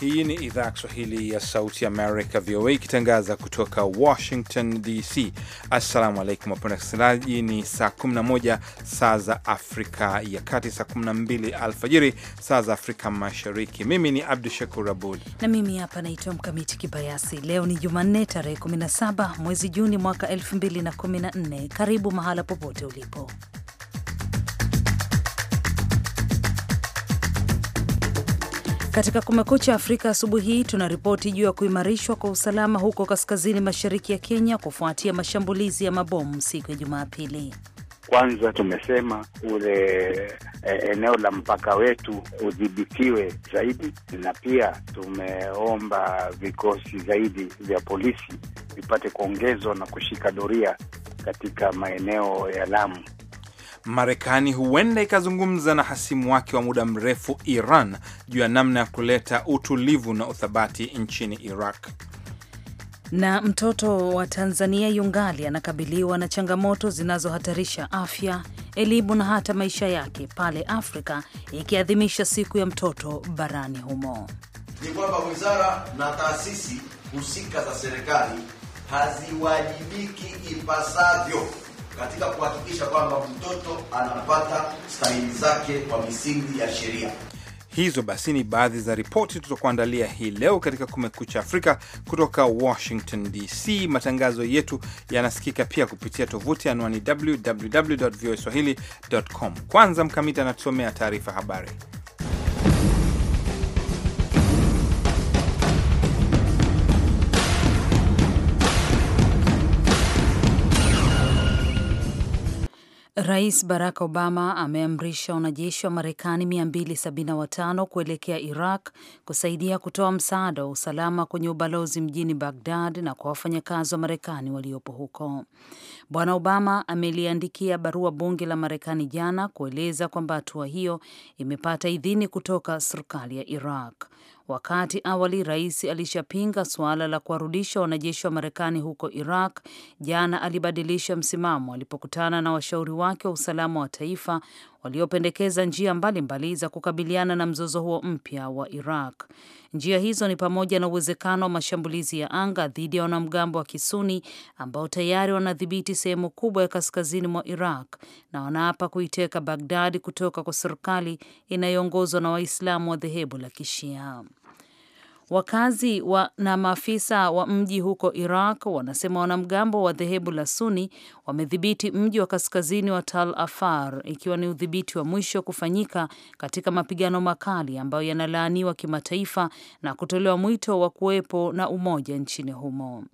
Hii ni idhaa ya Kiswahili ya Sauti Amerika, VOA, ikitangaza kutoka Washington DC. Assalamu alaikum wapenda wasikilizaji, ni saa 11 saa za Afrika ya Kati, saa 12 alfajiri saa za Afrika Mashariki. Mimi ni Abdu Shakur Abud na mimi hapa naitwa Mkamiti Kibayasi. Leo ni Jumanne, tarehe 17 mwezi Juni mwaka 2014. Karibu mahala popote ulipo Katika Kumekucha Afrika asubuhi hii ripoti juu ya kuimarishwa kwa usalama huko kaskazini mashariki ya Kenya kufuatia mashambulizi ya mabomu siku ya Jumapili. Kwanza tumesema ule e, eneo la mpaka wetu udhibitiwe zaidi, na pia tumeomba vikosi zaidi vya polisi vipate kuongezwa na kushika doria katika maeneo ya Lamu. Marekani huenda ikazungumza na hasimu wake wa muda mrefu Iran juu ya namna ya kuleta utulivu na uthabati nchini Iraq. Na mtoto wa Tanzania yungali anakabiliwa na changamoto zinazohatarisha afya, elimu na hata maisha yake pale Afrika ikiadhimisha siku ya mtoto barani humo. Ni kwamba wizara na taasisi husika za serikali haziwajibiki ipasavyo katika kuhakikisha kwamba mtoto anapata stahili zake kwa misingi ya sheria. Hizo basi ni baadhi za ripoti tutakuandalia hii leo katika Kumekucha Afrika kutoka Washington DC. Matangazo yetu yanasikika pia kupitia tovuti anwani www voa swahili com. Kwanza Mkamiti anatusomea taarifa habari. Rais Barack Obama ameamrisha wanajeshi wa Marekani 275 kuelekea Iraq kusaidia kutoa msaada wa usalama kwenye ubalozi mjini Bagdad na kwa wafanyakazi wa Marekani waliopo huko. Bwana Obama ameliandikia barua bunge la Marekani jana kueleza kwamba hatua hiyo imepata idhini kutoka serikali ya Iraq wakati awali rais alishapinga suala la kuwarudisha wanajeshi wa Marekani huko Iraq, jana alibadilisha msimamo alipokutana na washauri wake wa usalama wa taifa waliopendekeza njia mbalimbali mbali za kukabiliana na mzozo huo mpya wa Iraq. Njia hizo ni pamoja na uwezekano wa mashambulizi ya anga dhidi ya wanamgambo wa Kisuni ambao tayari wanadhibiti sehemu kubwa ya kaskazini mwa Iraq na wanaapa kuiteka bagdadi kutoka kwa serikali inayoongozwa na Waislamu wa dhehebu la Kishia. Wakazi wa na maafisa wa mji huko Iraq wanasema wanamgambo wa dhehebu la Suni wamedhibiti mji wa kaskazini wa Tal Afar, ikiwa ni udhibiti wa mwisho kufanyika katika mapigano makali ambayo yanalaaniwa kimataifa na kutolewa mwito wa kuwepo na umoja nchini humo.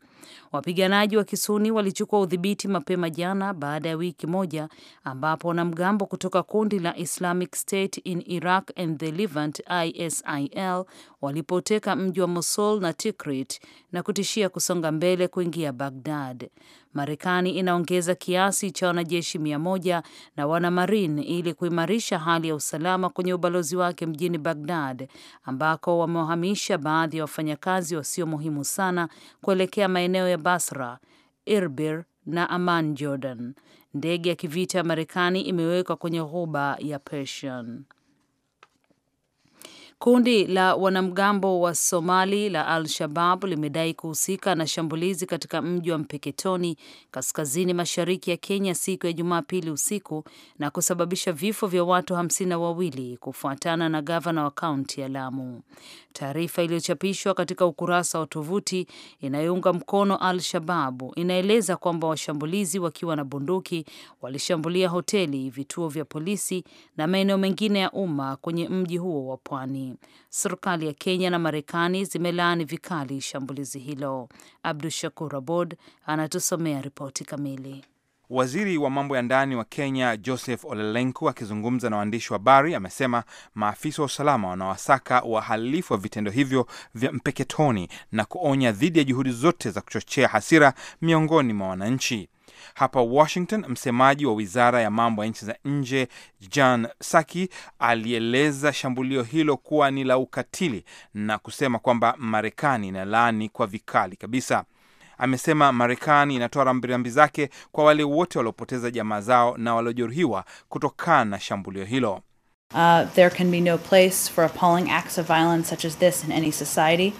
Wapiganaji wa Kisuni walichukua udhibiti mapema jana baada ya wiki moja ambapo wanamgambo kutoka kundi la Islamic State in Iraq and the Levant ISIL walipoteka mji wa Mosul na Tikrit na kutishia kusonga mbele kuingia Baghdad. Marekani inaongeza kiasi cha wanajeshi mia moja na wanamarine ili kuimarisha hali ya usalama kwenye ubalozi wake mjini Bagdad, ambako wamewahamisha baadhi ya wafanyakazi wasio muhimu sana kuelekea maeneo ya Basra, irbir na Amman, Jordan. Ndege ya kivita ya Marekani imewekwa kwenye ghuba ya Persian. Kundi la wanamgambo wa Somali la Al-Shabab limedai kuhusika na shambulizi katika mji wa Mpeketoni, kaskazini mashariki ya Kenya siku ya Jumapili usiku na kusababisha vifo vya watu hamsini na wawili kufuatana na gavana wa kaunti ya Lamu. Taarifa iliyochapishwa katika ukurasa wa tovuti inayounga mkono Al-Shababu inaeleza kwamba washambulizi wakiwa na bunduki walishambulia hoteli, vituo vya polisi na maeneo mengine ya umma kwenye mji huo wa pwani. Marekani. Serikali ya Kenya na Marekani zimelaani vikali shambulizi hilo. Abdu Shakur Abod anatusomea ripoti kamili. Waziri wa mambo ya ndani wa Kenya Joseph Olelenku akizungumza na waandishi wa habari amesema maafisa wa usalama wanawasaka wahalifu wa vitendo hivyo vya Mpeketoni na kuonya dhidi ya juhudi zote za kuchochea hasira miongoni mwa wananchi. Hapa Washington, msemaji wa wizara ya mambo ya nchi za nje Jan Saki alieleza shambulio hilo kuwa ni la ukatili na kusema kwamba Marekani inalaani kwa vikali kabisa. Amesema Marekani inatoa rambirambi zake kwa wale wote waliopoteza jamaa zao na waliojeruhiwa kutokana na shambulio hilo. Uh, there can be no place for appalling acts of violence such as this in any society.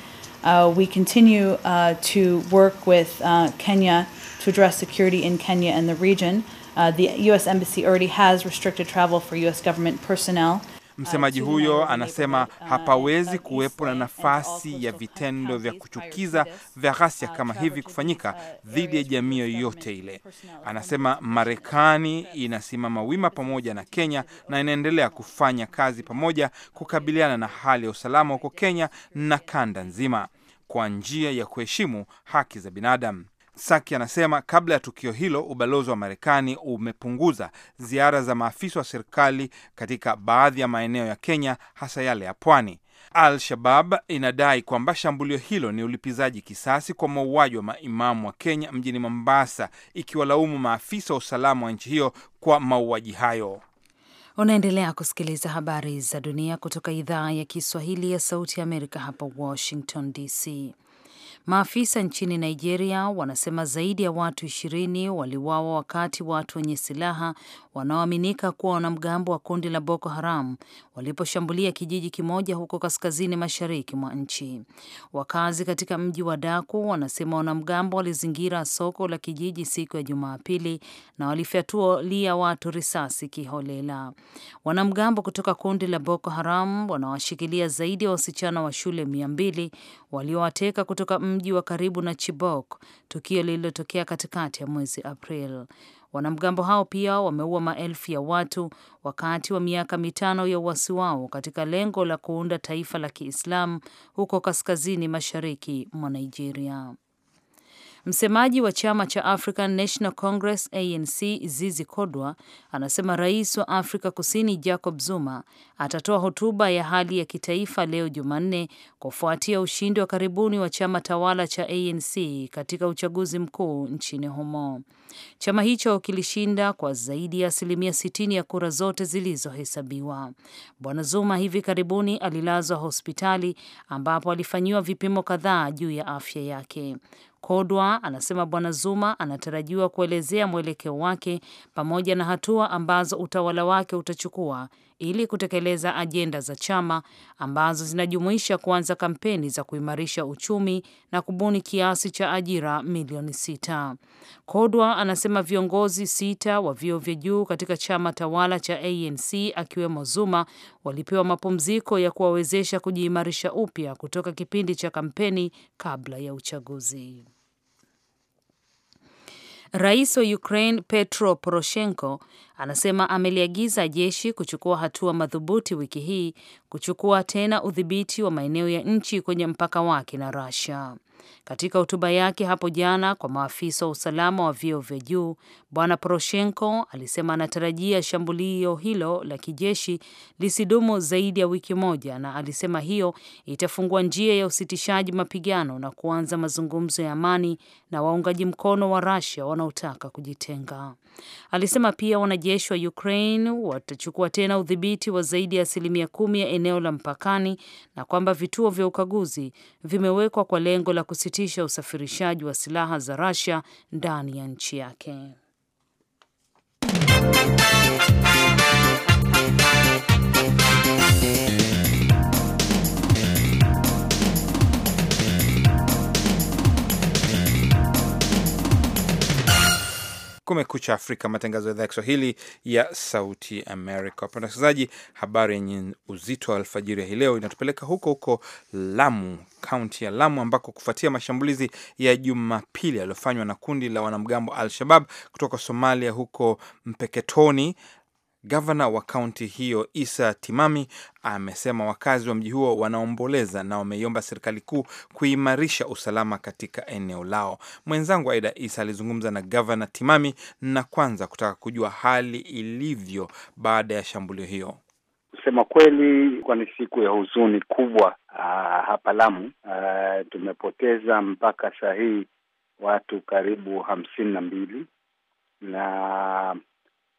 Uh, we continue uh, to work with uh, Kenya to address security in Kenya and the region. Uh, the US embassy already has restricted travel for US government personnel. Msemaji uh, huyo anasema uh, hapawezi kuwepo na nafasi ya vitendo vya kuchukiza vya ghasia uh, kama hivi kufanyika dhidi ya jamii yoyote ile. Anasema Marekani inasimama wima pamoja na Kenya na inaendelea kufanya kazi pamoja kukabiliana na hali ya usalama huko Kenya na kanda nzima kwa njia ya kuheshimu haki za binadamu. Saki anasema kabla ya tukio hilo ubalozi wa Marekani umepunguza ziara za maafisa wa serikali katika baadhi ya maeneo ya Kenya, hasa yale ya pwani. Al-Shabab inadai kwamba shambulio hilo ni ulipizaji kisasi kwa mauaji wa maimamu wa Kenya mjini Mombasa, ikiwalaumu maafisa wa usalama wa nchi hiyo kwa mauaji hayo. Unaendelea kusikiliza habari za dunia kutoka idhaa ya Kiswahili ya Sauti ya Amerika, hapa Washington DC. Maafisa nchini Nigeria wanasema zaidi ya watu ishirini waliuawa wakati watu wenye silaha wanaoaminika kuwa wanamgambo wa kundi la Boko Haram waliposhambulia kijiji kimoja huko kaskazini mashariki mwa nchi. Wakazi katika mji wa Daku wanasema wanamgambo walizingira soko la kijiji siku ya Jumapili na walifyatulia watu risasi kiholela. Wanamgambo kutoka kundi la Boko Haram wanawashikilia zaidi ya wasichana wa shule mia mbili waliowateka kutoka mji wa karibu na Chibok, tukio lililotokea katikati ya mwezi April. Wanamgambo hao pia wameua maelfu ya watu wakati wa miaka mitano ya uasi wao katika lengo la kuunda taifa la Kiislamu huko kaskazini mashariki mwa Nigeria. Msemaji wa chama cha African National Congress ANC Zizi Kodwa anasema rais wa Afrika Kusini Jacob Zuma atatoa hotuba ya hali ya kitaifa leo Jumanne kufuatia ushindi wa karibuni wa chama tawala cha ANC katika uchaguzi mkuu nchini humo. Chama hicho kilishinda kwa zaidi ya asilimia 60 ya kura zote zilizohesabiwa. Bwana Zuma hivi karibuni alilazwa hospitali ambapo alifanyiwa vipimo kadhaa juu ya afya yake. Kodwa anasema Bwana Zuma anatarajiwa kuelezea mwelekeo wake pamoja na hatua ambazo utawala wake utachukua ili kutekeleza ajenda za chama ambazo zinajumuisha kuanza kampeni za kuimarisha uchumi na kubuni kiasi cha ajira milioni sita. Kodwa anasema viongozi sita wa vyeo vya juu katika chama tawala cha ANC akiwemo Zuma walipewa mapumziko ya kuwawezesha kujiimarisha upya kutoka kipindi cha kampeni kabla ya uchaguzi. Rais wa Ukraine Petro Poroshenko Anasema ameliagiza jeshi kuchukua hatua madhubuti wiki hii kuchukua tena udhibiti wa maeneo ya nchi kwenye mpaka wake na Russia. Katika hotuba yake hapo jana kwa maafisa wa usalama wa vyeo vya juu, Bwana Poroshenko alisema anatarajia shambulio hilo la kijeshi lisidumu zaidi ya wiki moja, na alisema hiyo itafungua njia ya usitishaji mapigano na kuanza mazungumzo ya amani na waungaji mkono wa Russia wanaotaka kujitenga. Alisema pia wana wanajeshi wa Ukraine watachukua tena udhibiti wa zaidi ya asilimia kumi ya eneo la mpakani na kwamba vituo vya ukaguzi vimewekwa kwa lengo la kusitisha usafirishaji wa silaha za Russia ndani ya nchi yake. Kumekucha Afrika, matangazo ya idhaa ya Kiswahili ya Sauti Amerika. Wapenda wasikilizaji, habari yenye uzito wa alfajiri ya hii leo inatupeleka huko huko Lamu, kaunti ya Lamu, ambako kufuatia mashambulizi ya Jumapili yaliyofanywa na kundi la wanamgambo Al Shabab kutoka Somalia huko Mpeketoni Gavana wa kaunti hiyo Isa Timami amesema wakazi wa mji huo wanaomboleza na wameiomba serikali kuu kuimarisha usalama katika eneo lao. Mwenzangu Aida Isa alizungumza na Gavana Timami na kwanza kutaka kujua hali ilivyo baada ya shambulio hiyo. Kusema kweli, kwa ni siku ya huzuni kubwa aa, ah, hapa Lamu aa, ah, tumepoteza mpaka saa hii watu karibu hamsini na mbili na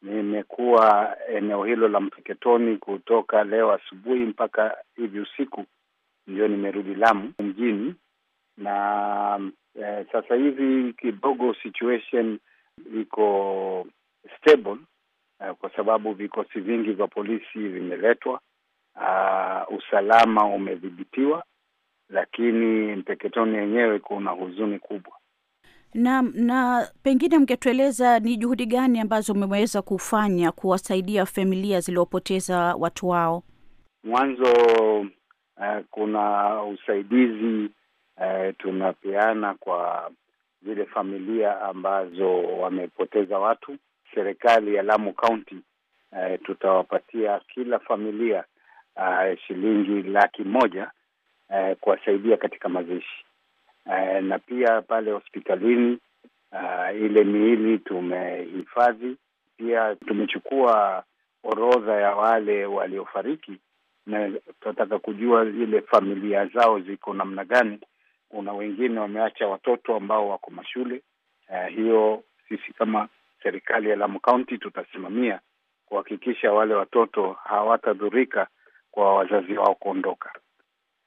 Nimekuwa eneo hilo la mpeketoni kutoka leo asubuhi mpaka hivi usiku, ndio nimerudi Lamu mjini na eh, sasa hivi kidogo situation iko stable eh, kwa sababu vikosi vingi vya polisi vimeletwa. Uh, usalama umedhibitiwa, lakini Mpeketoni yenyewe kuna huzuni kubwa na, na pengine mngetueleza ni juhudi gani ambazo mmeweza kufanya kuwasaidia familia zilizopoteza watu wao? Mwanzo uh, kuna usaidizi uh, tunapeana kwa zile familia ambazo wamepoteza watu. Serikali ya Lamu County uh, tutawapatia kila familia uh, shilingi laki moja uh, kuwasaidia katika mazishi eh, na pia pale hospitalini uh, ile miili tumehifadhi. Pia tumechukua orodha ya wale waliofariki, na tunataka kujua ile familia zao ziko namna gani. Kuna wengine wameacha watoto ambao wako mashule. Uh, hiyo sisi kama serikali ya Lamu County tutasimamia kuhakikisha wale watoto hawatadhurika kwa wazazi wao kuondoka,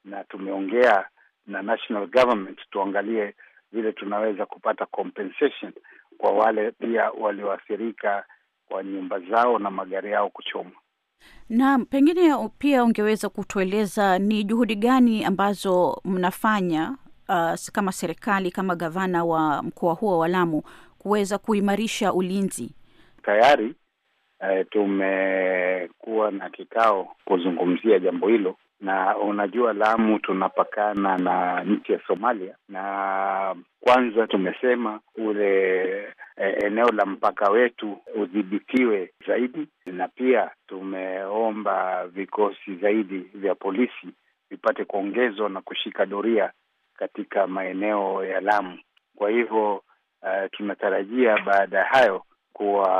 na tumeongea na national government, tuangalie vile tunaweza kupata compensation kwa wale pia walioathirika kwa nyumba zao na magari yao kuchomwa. Naam, pengine pia ungeweza kutueleza ni juhudi gani ambazo mnafanya uh, kama serikali kama gavana wa mkoa huo wa Lamu kuweza kuimarisha ulinzi. Tayari uh, tumekuwa na kikao kuzungumzia jambo hilo na unajua Lamu tunapakana na nchi ya Somalia, na kwanza tumesema ule e, eneo la mpaka wetu udhibitiwe zaidi, na pia tumeomba vikosi zaidi vya polisi vipate kuongezwa na kushika doria katika maeneo ya Lamu. Kwa hivyo uh, tunatarajia baada ya hayo kuwa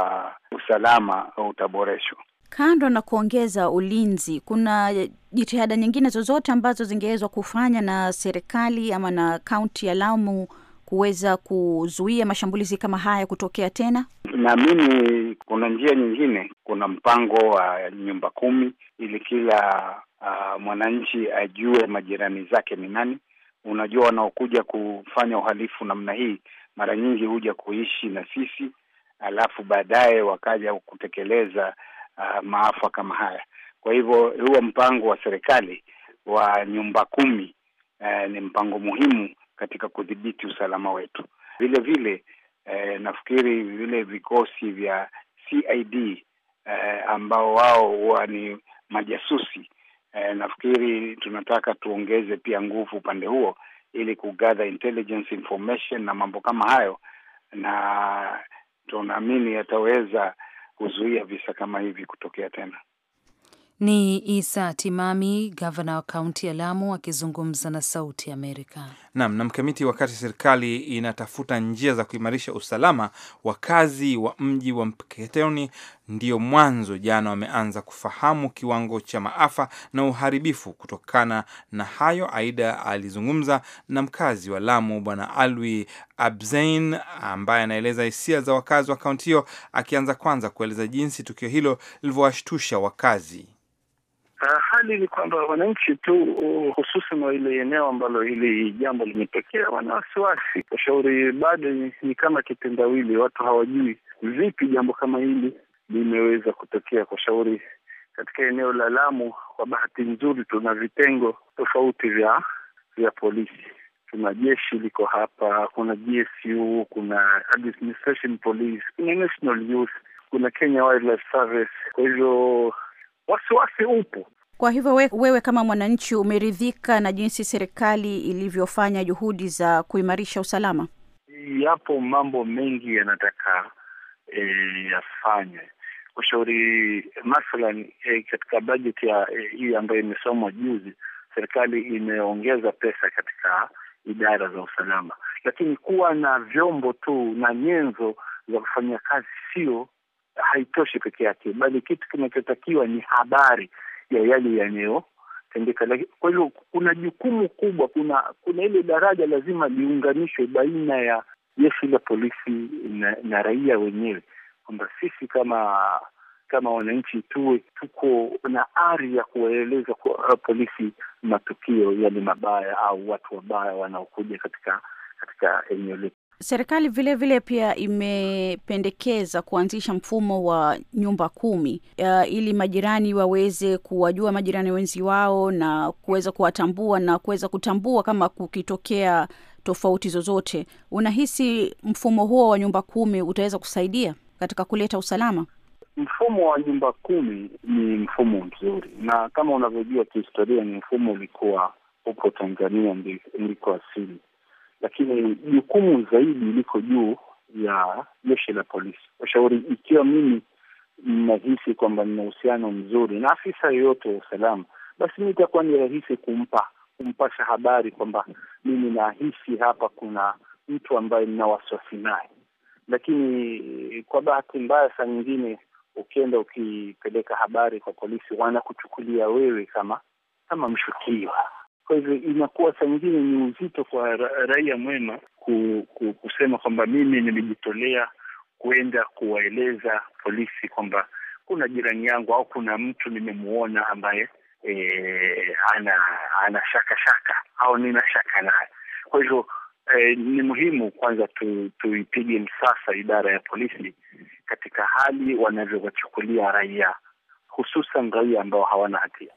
usalama utaboreshwa. Kando na kuongeza ulinzi, kuna jitihada nyingine zozote ambazo zingewezwa kufanya na serikali ama na kaunti ya Lamu kuweza kuzuia mashambulizi kama haya kutokea tena? Naamini kuna njia nyingine. Kuna mpango wa nyumba kumi ili kila uh, mwananchi ajue majirani zake ni nani. Unajua, wanaokuja kufanya uhalifu namna hii mara nyingi huja kuishi na sisi, alafu baadaye wakaja kutekeleza uh, maafa kama haya. Kwa hivyo huo mpango wa serikali wa nyumba kumi uh, ni mpango muhimu katika kudhibiti usalama wetu. Vile vile uh, nafikiri vile vikosi vya CID uh, eh, ambao wao huwa ni majasusi uh, nafikiri tunataka tuongeze pia nguvu upande huo ili kugather intelligence information na mambo kama hayo, na tunaamini yataweza kuzuia visa kama hivi kutokea tena. Ni Isa Timami, gavana wa kaunti ya Lamu, akizungumza na Sauti ya Amerika. Naam, na mkamiti, wakati serikali inatafuta njia za kuimarisha usalama, wakazi wa mji wa Mpeketoni ndio mwanzo jana wameanza kufahamu kiwango cha maafa na uharibifu kutokana na hayo. Aida alizungumza na mkazi wa Lamu, Bwana Alwi Abzain ambaye anaeleza hisia za wakazi wa kaunti hiyo, akianza kwanza kueleza jinsi tukio hilo lilivyowashtusha wakazi. Uh, hali ni kwamba wananchi tu uh, hususan wa ile eneo ambalo hili jambo limetokea wana wasiwasi. Ushauri bado ni, ni kama kitendawili, watu hawajui vipi jambo kama hili limeweza kutokea. Kwa shauri katika eneo la Lamu, kwa bahati nzuri tuna vitengo tofauti vya vya polisi kuna jeshi liko hapa, kuna GSU, kuna administration police, kuna national youth, kuna Kenya Wildlife Service. Kwa hivyo wasiwasi upo. Kwa hivyo we, wewe kama mwananchi umeridhika na jinsi serikali ilivyofanya juhudi za kuimarisha usalama? Yapo mambo mengi yanataka e, yafanywe. Ushauri mathalan, e, katika bajeti ya e, hii e, ambayo imesomwa juzi, serikali imeongeza pesa katika idara za usalama, lakini kuwa na vyombo tu na nyenzo za kufanyia kazi sio haitoshi peke yake, bali kitu kinachotakiwa ni habari ya yale yanayotendeka. Kwa hivyo kuna jukumu kubwa, kuna kuna ile daraja lazima liunganishwe baina ya jeshi la polisi na, na raia wenyewe, kwamba sisi kama kama wananchi tuwe tuko na ari ya kuwaeleza kwa polisi matukio yale mabaya au watu wabaya wanaokuja katika katika eneo letu. Serikali vilevile vile pia imependekeza kuanzisha mfumo wa nyumba kumi uh, ili majirani waweze kuwajua majirani wenzi wao na kuweza kuwatambua na kuweza kutambua kama kukitokea tofauti zozote. Unahisi mfumo huo wa nyumba kumi utaweza kusaidia katika kuleta usalama? Mfumo wa nyumba kumi ni mfumo mzuri, na kama unavyojua kihistoria, ni mfumo ulikuwa upo Tanzania ndiko asili, lakini jukumu zaidi liko juu ya jeshi la polisi. Washauri, ikiwa mimi ninahisi kwamba nina uhusiano mzuri na afisa yoyote wa usalama, basi mi itakuwa ni rahisi kumpa kumpasha habari kwamba mimi nahisi hapa kuna mtu ambaye nina wasiwasi naye, lakini kwa bahati mbaya saa nyingine ukienda ukipeleka habari kwa polisi, wanakuchukulia wewe kama kama mshukiwa. Kwa hivyo inakuwa saa nyingine ni uzito kwa ra raia mwema ku, ku, kusema kwamba mimi nimejitolea kuenda kuwaeleza polisi kwamba kuna jirani yangu au kuna mtu nimemwona ambaye e, eh, ana ana shaka shaka au nina shaka naye. Kwa hivyo eh, ni muhimu kwanza tu, tuipige msasa idara ya polisi katika hali wanavyowachukulia raia, hususan raia ambao hawana hatia.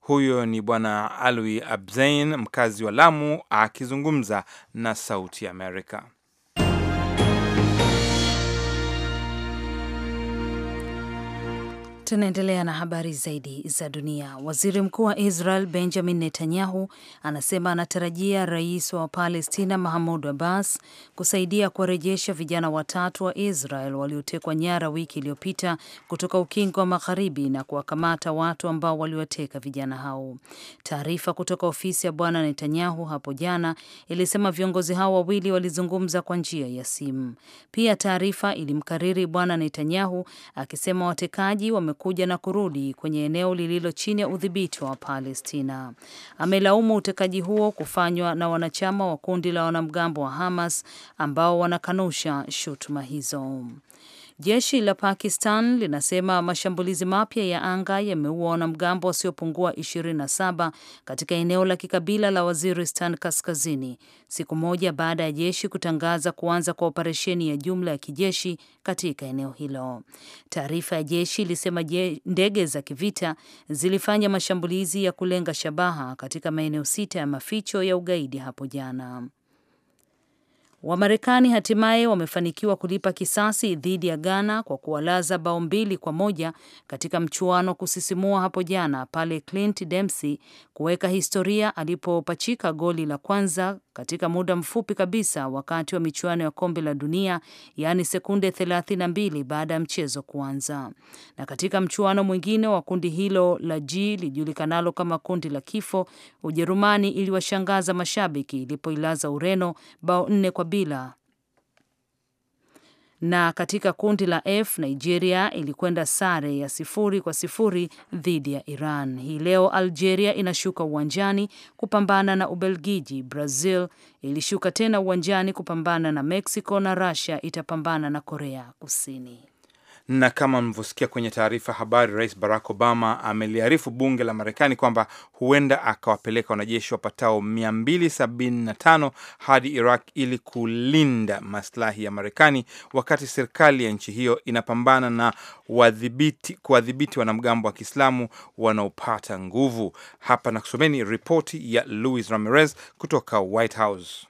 Huyo ni Bwana Alwi Abzein, mkazi wa Lamu, akizungumza na Sauti Amerika. Tunaendelea na habari zaidi za dunia. Waziri mkuu wa Israel Benjamin Netanyahu anasema anatarajia rais wa Palestina Mahmud Abbas kusaidia kuwarejesha vijana watatu wa Israel waliotekwa nyara wiki iliyopita kutoka Ukingo wa Magharibi na kuwakamata watu ambao waliwateka vijana hao. Taarifa kutoka ofisi ya bwana Netanyahu hapo jana ilisema viongozi hao wawili walizungumza kwa njia ya simu. Pia taarifa ilimkariri bwana Netanyahu akisema watekaji wame kuja na kurudi kwenye eneo lililo chini ya udhibiti wa Palestina. Amelaumu utekaji huo kufanywa na wanachama wa kundi la wanamgambo wa Hamas ambao wanakanusha shutuma hizo. Jeshi la Pakistan linasema mashambulizi mapya ya anga yameua wanamgambo wasiopungua 27 katika eneo la kikabila la Waziristan Kaskazini, siku moja baada ya jeshi kutangaza kuanza kwa operesheni ya jumla ya kijeshi katika eneo hilo. Taarifa ya jeshi ilisema je, ndege za kivita zilifanya mashambulizi ya kulenga shabaha katika maeneo sita ya maficho ya ugaidi hapo jana. Wamarekani hatimaye wamefanikiwa kulipa kisasi dhidi ya Ghana kwa kuwalaza bao mbili kwa moja katika mchuano wa kusisimua hapo jana pale Clint Dempsey kuweka historia alipopachika goli la kwanza katika muda mfupi kabisa wakati wa michuano ya kombe la dunia, yaani sekunde 32 baada ya mchezo kuanza. Na katika mchuano mwingine wa kundi hilo la G lijulikanalo kama kundi la kifo, Ujerumani iliwashangaza mashabiki ilipoilaza Ureno bao nne kwa bila na katika kundi la F Nigeria ilikwenda sare ya sifuri kwa sifuri dhidi ya Iran. Hii leo Algeria inashuka uwanjani kupambana na Ubelgiji. Brazil ilishuka tena uwanjani kupambana na Mexico na Russia itapambana na Korea Kusini. Na kama mlivyosikia kwenye taarifa habari, Rais Barack Obama ameliarifu bunge la Marekani kwamba huenda akawapeleka wanajeshi wapatao 275 hadi Iraq ili kulinda maslahi ya Marekani, wakati serikali ya nchi hiyo inapambana na kuwadhibiti wanamgambo wa Kiislamu wanaopata nguvu. Hapa na kusomeni ripoti ya Luis Ramirez kutoka White House.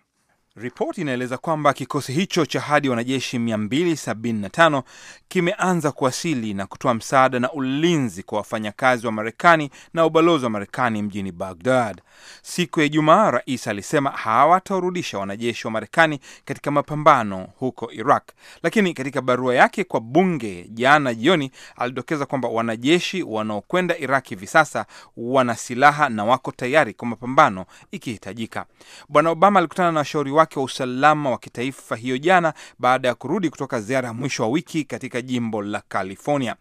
Ripoti inaeleza kwamba kikosi hicho cha hadi wanajeshi 275 kimeanza kuwasili na kutoa msaada na ulinzi kwa wafanyakazi wa Marekani na ubalozi wa Marekani mjini bagdad Siku ya Ijumaa, rais alisema hawatarudisha wanajeshi wa Marekani katika mapambano huko Iraq, lakini katika barua yake kwa bunge jana jioni alidokeza kwamba wanajeshi wanaokwenda Iraq hivi sasa wana silaha na wako tayari kwa mapambano ikihitajika. Bwana Obama alikutana na washauri wake wa usalama wa kitaifa hiyo jana baada ya kurudi kutoka ziara ya mwisho wa wiki katika jimbo la California.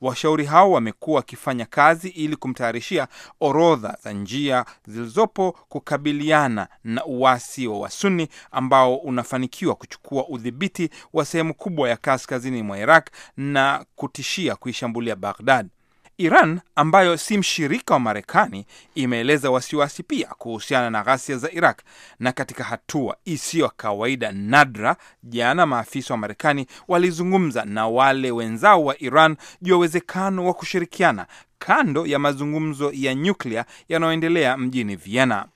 Washauri hao wamekuwa wakifanya kazi ili kumtayarishia orodha za njia zilizopo kukabiliana na uasi wa Wasuni ambao unafanikiwa kuchukua udhibiti wa sehemu kubwa ya kaskazini mwa Iraq na kutishia kuishambulia Baghdad. Iran ambayo si mshirika wa Marekani imeeleza wasiwasi pia kuhusiana na ghasia za Iraq. Na katika hatua isiyo kawaida nadra, jana maafisa wa Marekani walizungumza na wale wenzao wa Iran juu ya uwezekano wa kushirikiana kando ya mazungumzo ya nyuklia yanayoendelea mjini Vienna.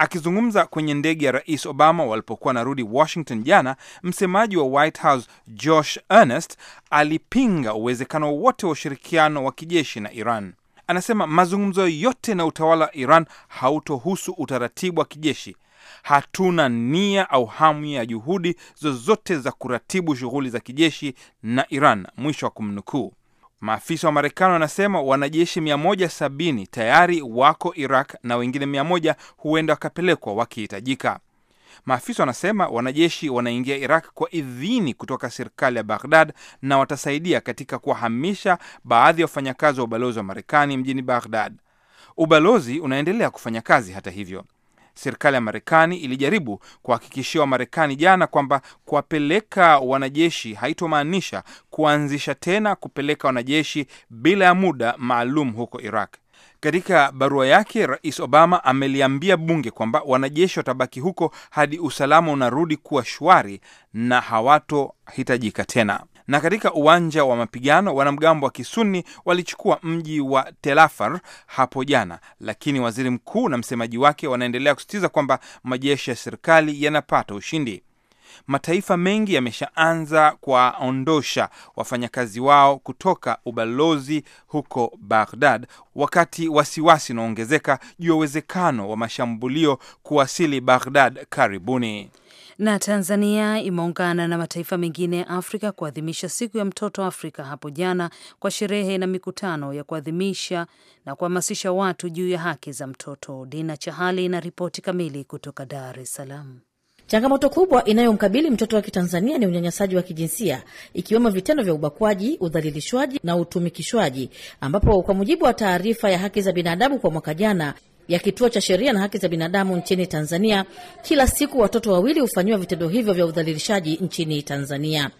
Akizungumza kwenye ndege ya Rais Obama walipokuwa rudi Washington jana, msemaji wa White House Josh Earnest alipinga uwezekano wote wa ushirikiano wa kijeshi na Iran. Anasema mazungumzo yote na utawala wa Iran hautohusu utaratibu wa kijeshi. Hatuna nia au hamu ya juhudi zozote za kuratibu shughuli za kijeshi na Iran, mwisho wa kumnukuu. Maafisa wa Marekani wanasema wanajeshi 170 tayari wako Iraq na wengine 100 huenda wakapelekwa wakihitajika. Maafisa wanasema wanajeshi wanaingia Iraq kwa idhini kutoka serikali ya Baghdad na watasaidia katika kuwahamisha baadhi ya wafanyakazi wa ubalozi wa Marekani mjini Baghdad. Ubalozi unaendelea kufanya kazi hata hivyo. Serikali ya Marekani ilijaribu kuhakikishia Wamarekani jana kwamba kuwapeleka wanajeshi haitomaanisha kuanzisha tena kupeleka wanajeshi bila ya muda maalum huko Iraq. Katika barua yake, Rais Obama ameliambia bunge kwamba wanajeshi watabaki huko hadi usalama unarudi kuwa shwari na hawatohitajika tena. Na katika uwanja wa mapigano, wanamgambo wa Kisuni walichukua mji wa Telafar hapo jana, lakini waziri mkuu na msemaji wake wanaendelea kusisitiza kwamba majeshi ya serikali yanapata ushindi. Mataifa mengi yameshaanza kuwaondosha wafanyakazi wao kutoka ubalozi huko Baghdad, wakati wasiwasi unaongezeka juu ya uwezekano wa mashambulio kuwasili Baghdad karibuni. Na Tanzania imeungana na mataifa mengine ya Afrika kuadhimisha siku ya mtoto Afrika hapo jana kwa sherehe na mikutano ya kuadhimisha na kuhamasisha watu juu ya haki za mtoto. Dina Chahali na ripoti kamili kutoka Dar es Salaam. Changamoto kubwa inayomkabili mtoto wa Kitanzania ni unyanyasaji wa kijinsia ikiwemo vitendo vya ubakwaji, udhalilishwaji na utumikishwaji, ambapo kwa mujibu wa taarifa ya haki za binadamu kwa mwaka jana ya Kituo cha Sheria na Haki za Binadamu nchini Tanzania, kila siku watoto wawili hufanyiwa vitendo hivyo vya udhalilishaji nchini Tanzania.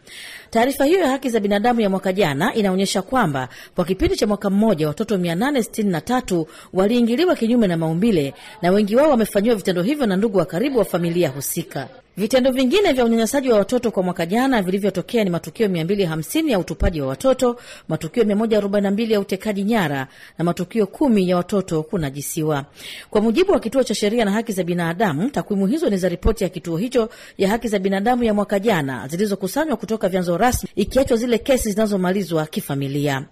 Taarifa hiyo ya haki za binadamu ya mwaka jana inaonyesha kwamba kwa kipindi cha mwaka mmoja watoto 863 waliingiliwa kinyume na maumbile na wengi wao wamefanyiwa vitendo hivyo na ndugu wa karibu wa familia husika. Vitendo vingine vya unyanyasaji wa watoto kwa mwaka jana vilivyotokea ni matukio 250 ya utupaji wa watoto, matukio 142 ya utekaji nyara na matukio kumi ya watoto kunajisiwa. Kwa mujibu wa kituo cha sheria na haki za binadamu, takwimu hizo ni za ripoti ya kituo hicho ya haki za binadamu ya mwaka jana zilizokusanywa kutoka vyanzo rasmi, ikiachwa zile kesi zinazomalizwa kifamilia.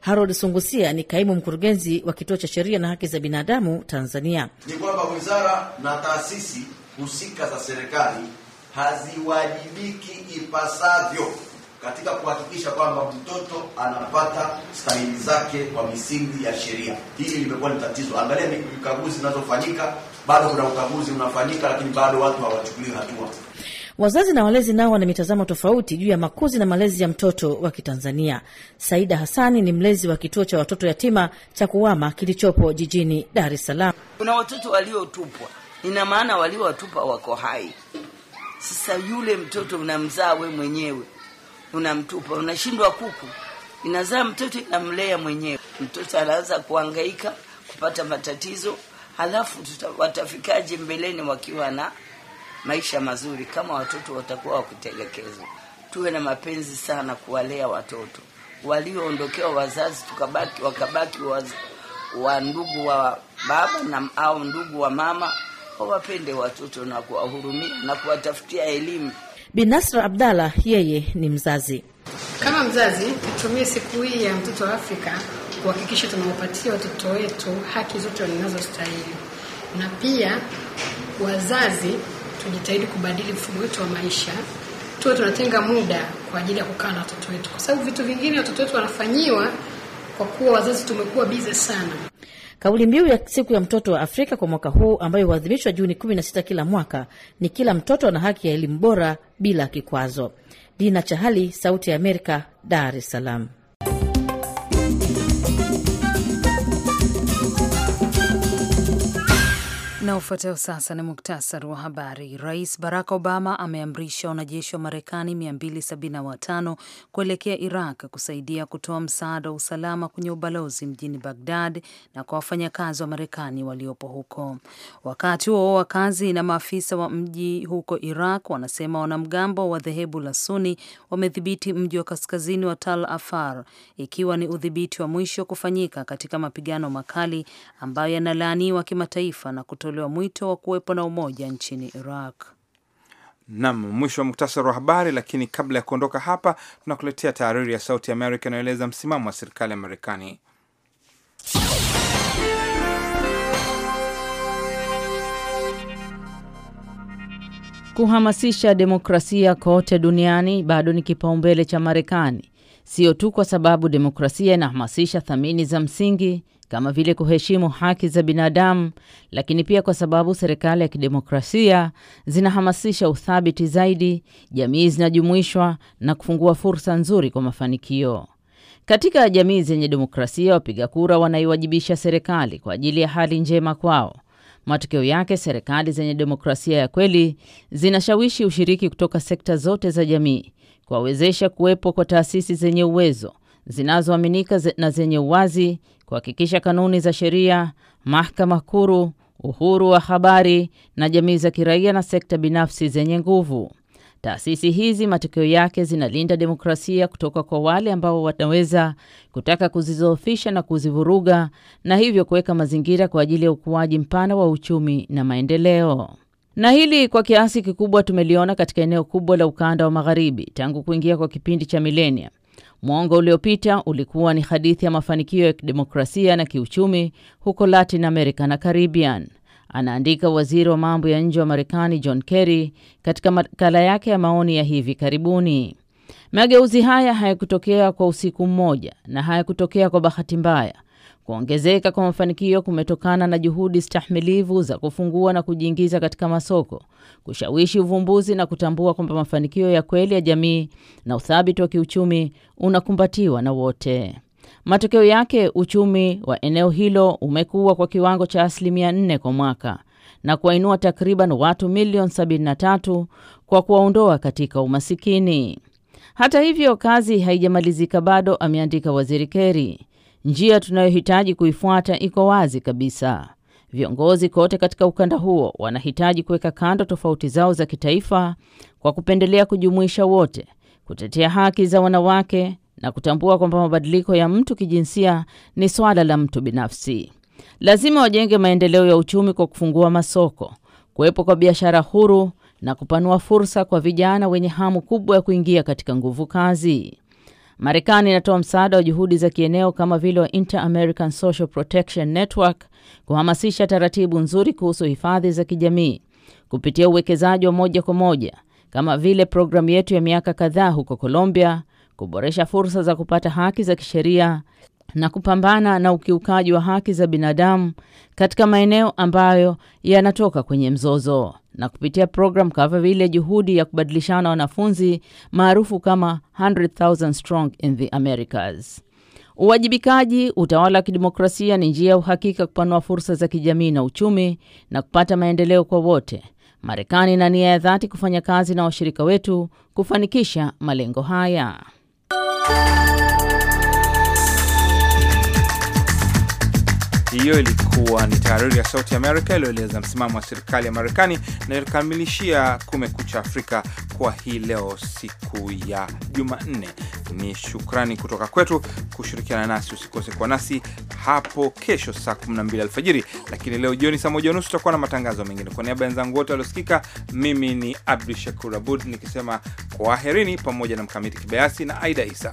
Harold Sungusia ni kaimu mkurugenzi wa kituo cha sheria na haki za binadamu Tanzania. Ni kwamba wizara na taasisi husika za serikali haziwajibiki ipasavyo katika kuhakikisha kwamba mtoto anapata stahili zake kwa misingi ya sheria. Hili limekuwa ni tatizo. Angalia ukaguzi zinazofanyika, bado kuna ukaguzi unafanyika, lakini bado watu hawachukuliwi hatua. Wazazi na walezi nao wana mitazamo tofauti juu ya makuzi na malezi ya mtoto wa Kitanzania. Saida Hasani ni mlezi wa kituo cha watoto yatima cha Kuwama kilichopo jijini Dar es Salaam. Kuna watoto waliotupwa ina maana waliowatupa wako hai. Sasa yule mtoto unamzaa we mwenyewe, unamtupa, unashindwa kuku inazaa mtoto, inamlea mwenyewe. Mtoto anaanza kuangaika kupata matatizo, halafu watafikaje mbeleni wakiwa na maisha mazuri kama watoto watakuwa wakutelekezwa? Tuwe na mapenzi sana kuwalea watoto walioondokewa wazazi, tukabaki wakabaki wa ndugu wa baba na au ndugu wa mama wapende watoto na kuwahurumia na kuwatafutia elimu. Binasra Abdalla yeye ni mzazi. Kama mzazi, tutumie siku hii ya mtoto wa Afrika kuhakikisha tunawapatia watoto wetu haki zote wanazostahili, na pia wazazi tujitahidi kubadili mfumo wetu wa maisha, tuwe tunatenga muda kwa ajili ya kukaa na watoto wetu, kwa sababu vitu vingine watoto wetu wanafanyiwa kwa kuwa wazazi tumekuwa bize sana. Kauli mbiu ya siku ya mtoto wa Afrika kwa mwaka huu ambayo huadhimishwa Juni 16 kila mwaka ni kila mtoto ana haki ya elimu bora bila kikwazo. Dina Chahali, Sauti ya Amerika, Dar es Salaam. Na ufuatao sasa ni muktasari wa habari. Rais Barack Obama ameamrisha wanajeshi wa Marekani 275 kuelekea Iraq kusaidia kutoa msaada wa usalama kwenye ubalozi mjini Bagdad na kwa wafanyakazi wa Marekani waliopo huko. Wakati huo wakazi na maafisa wa mji huko Iraq wanasema wanamgambo wa dhehebu la Suni wamedhibiti mji wa kaskazini wa Tal Afar, ikiwa ni udhibiti wa mwisho kufanyika katika mapigano makali ambayo yanalaaniwa kimataifa na kuto kumetolewa mwito wa kuwepo na umoja nchini Iraq. Nam, mwisho wa muktasari wa habari. Lakini kabla ya kuondoka hapa, tunakuletea taariri ya Sauti Amerika inayoeleza msimamo wa serikali ya Marekani. Kuhamasisha demokrasia kote duniani bado ni kipaumbele cha Marekani, sio tu kwa sababu demokrasia inahamasisha thamani za msingi kama vile kuheshimu haki za binadamu, lakini pia kwa sababu serikali ya kidemokrasia zinahamasisha uthabiti zaidi, jamii zinajumuishwa na kufungua fursa nzuri kwa mafanikio. Katika jamii zenye demokrasia, wapiga kura wanaiwajibisha serikali kwa ajili ya hali njema kwao. Matokeo yake, serikali zenye demokrasia ya kweli zinashawishi ushiriki kutoka sekta zote za jamii, kuwawezesha kuwepo kwa taasisi zenye uwezo zinazoaminika na zenye uwazi kuhakikisha kanuni za sheria, mahakama huru, uhuru wa habari na jamii za kiraia na sekta binafsi zenye nguvu. Taasisi hizi matokeo yake zinalinda demokrasia kutoka kwa wale ambao wanaweza kutaka kuzizoofisha na kuzivuruga na hivyo kuweka mazingira kwa ajili ya ukuaji mpana wa uchumi na maendeleo. Na hili kwa kiasi kikubwa tumeliona katika eneo kubwa la ukanda wa magharibi tangu kuingia kwa kipindi cha milenia. Mwongo uliopita ulikuwa ni hadithi ya mafanikio ya kidemokrasia na kiuchumi huko Latin America na Caribbean, anaandika waziri wa mambo ya nje wa Marekani John Kerry katika makala yake ya maoni ya hivi karibuni. Mageuzi haya hayakutokea kwa usiku mmoja na hayakutokea kwa bahati mbaya, Kuongezeka kwa mafanikio kumetokana na juhudi stahimilivu za kufungua na kujiingiza katika masoko, kushawishi uvumbuzi na kutambua kwamba mafanikio ya kweli ya jamii na uthabiti wa kiuchumi unakumbatiwa na wote. Matokeo yake, uchumi wa eneo hilo umekuwa kwa kiwango cha asilimia nne kwa mwaka na kuwainua takriban watu milioni 73 kwa kuwaondoa katika umasikini. Hata hivyo, kazi haijamalizika bado, ameandika Waziri Kerry. Njia tunayohitaji kuifuata iko wazi kabisa. Viongozi kote katika ukanda huo wanahitaji kuweka kando tofauti zao za kitaifa kwa kupendelea kujumuisha wote, kutetea haki za wanawake na kutambua kwamba mabadiliko ya mtu kijinsia ni swala la mtu binafsi. Lazima wajenge maendeleo ya uchumi kwa kufungua masoko, kuwepo kwa biashara huru na kupanua fursa kwa vijana wenye hamu kubwa ya kuingia katika nguvu kazi. Marekani inatoa msaada wa juhudi za kieneo kama vile wa Inter-American Social Protection Network kuhamasisha taratibu nzuri kuhusu hifadhi za kijamii kupitia uwekezaji wa moja kwa moja kama vile programu yetu ya miaka kadhaa huko Colombia, kuboresha fursa za kupata haki za kisheria na kupambana na ukiukaji wa haki za binadamu katika maeneo ambayo yanatoka kwenye mzozo na kupitia programu kama vile juhudi ya kubadilishana wanafunzi maarufu kama 100,000 Strong in the Americas. Uwajibikaji, utawala wa kidemokrasia ni njia ya uhakika kupanua fursa za kijamii na uchumi na kupata maendeleo kwa wote. Marekani ina nia ya dhati kufanya kazi na washirika wetu kufanikisha malengo haya. Hiyo ilikuwa ni taariri ya Sauti Amerika iliyoeleza msimamo wa serikali ya Marekani na ilikamilishia Kumekucha Afrika kwa hii leo, siku ya Jumanne. Ni shukrani kutoka kwetu kushirikiana nasi. Usikose kwa nasi hapo kesho saa 12 alfajiri, lakini leo jioni saa moja nusu tutakuwa na matangazo mengine. Kwa niaba ya wenzangu wote waliosikika, mimi ni Abdu Shakur Abud nikisema kwaherini, pamoja na Mkamiti Kibayasi na Aida Isa.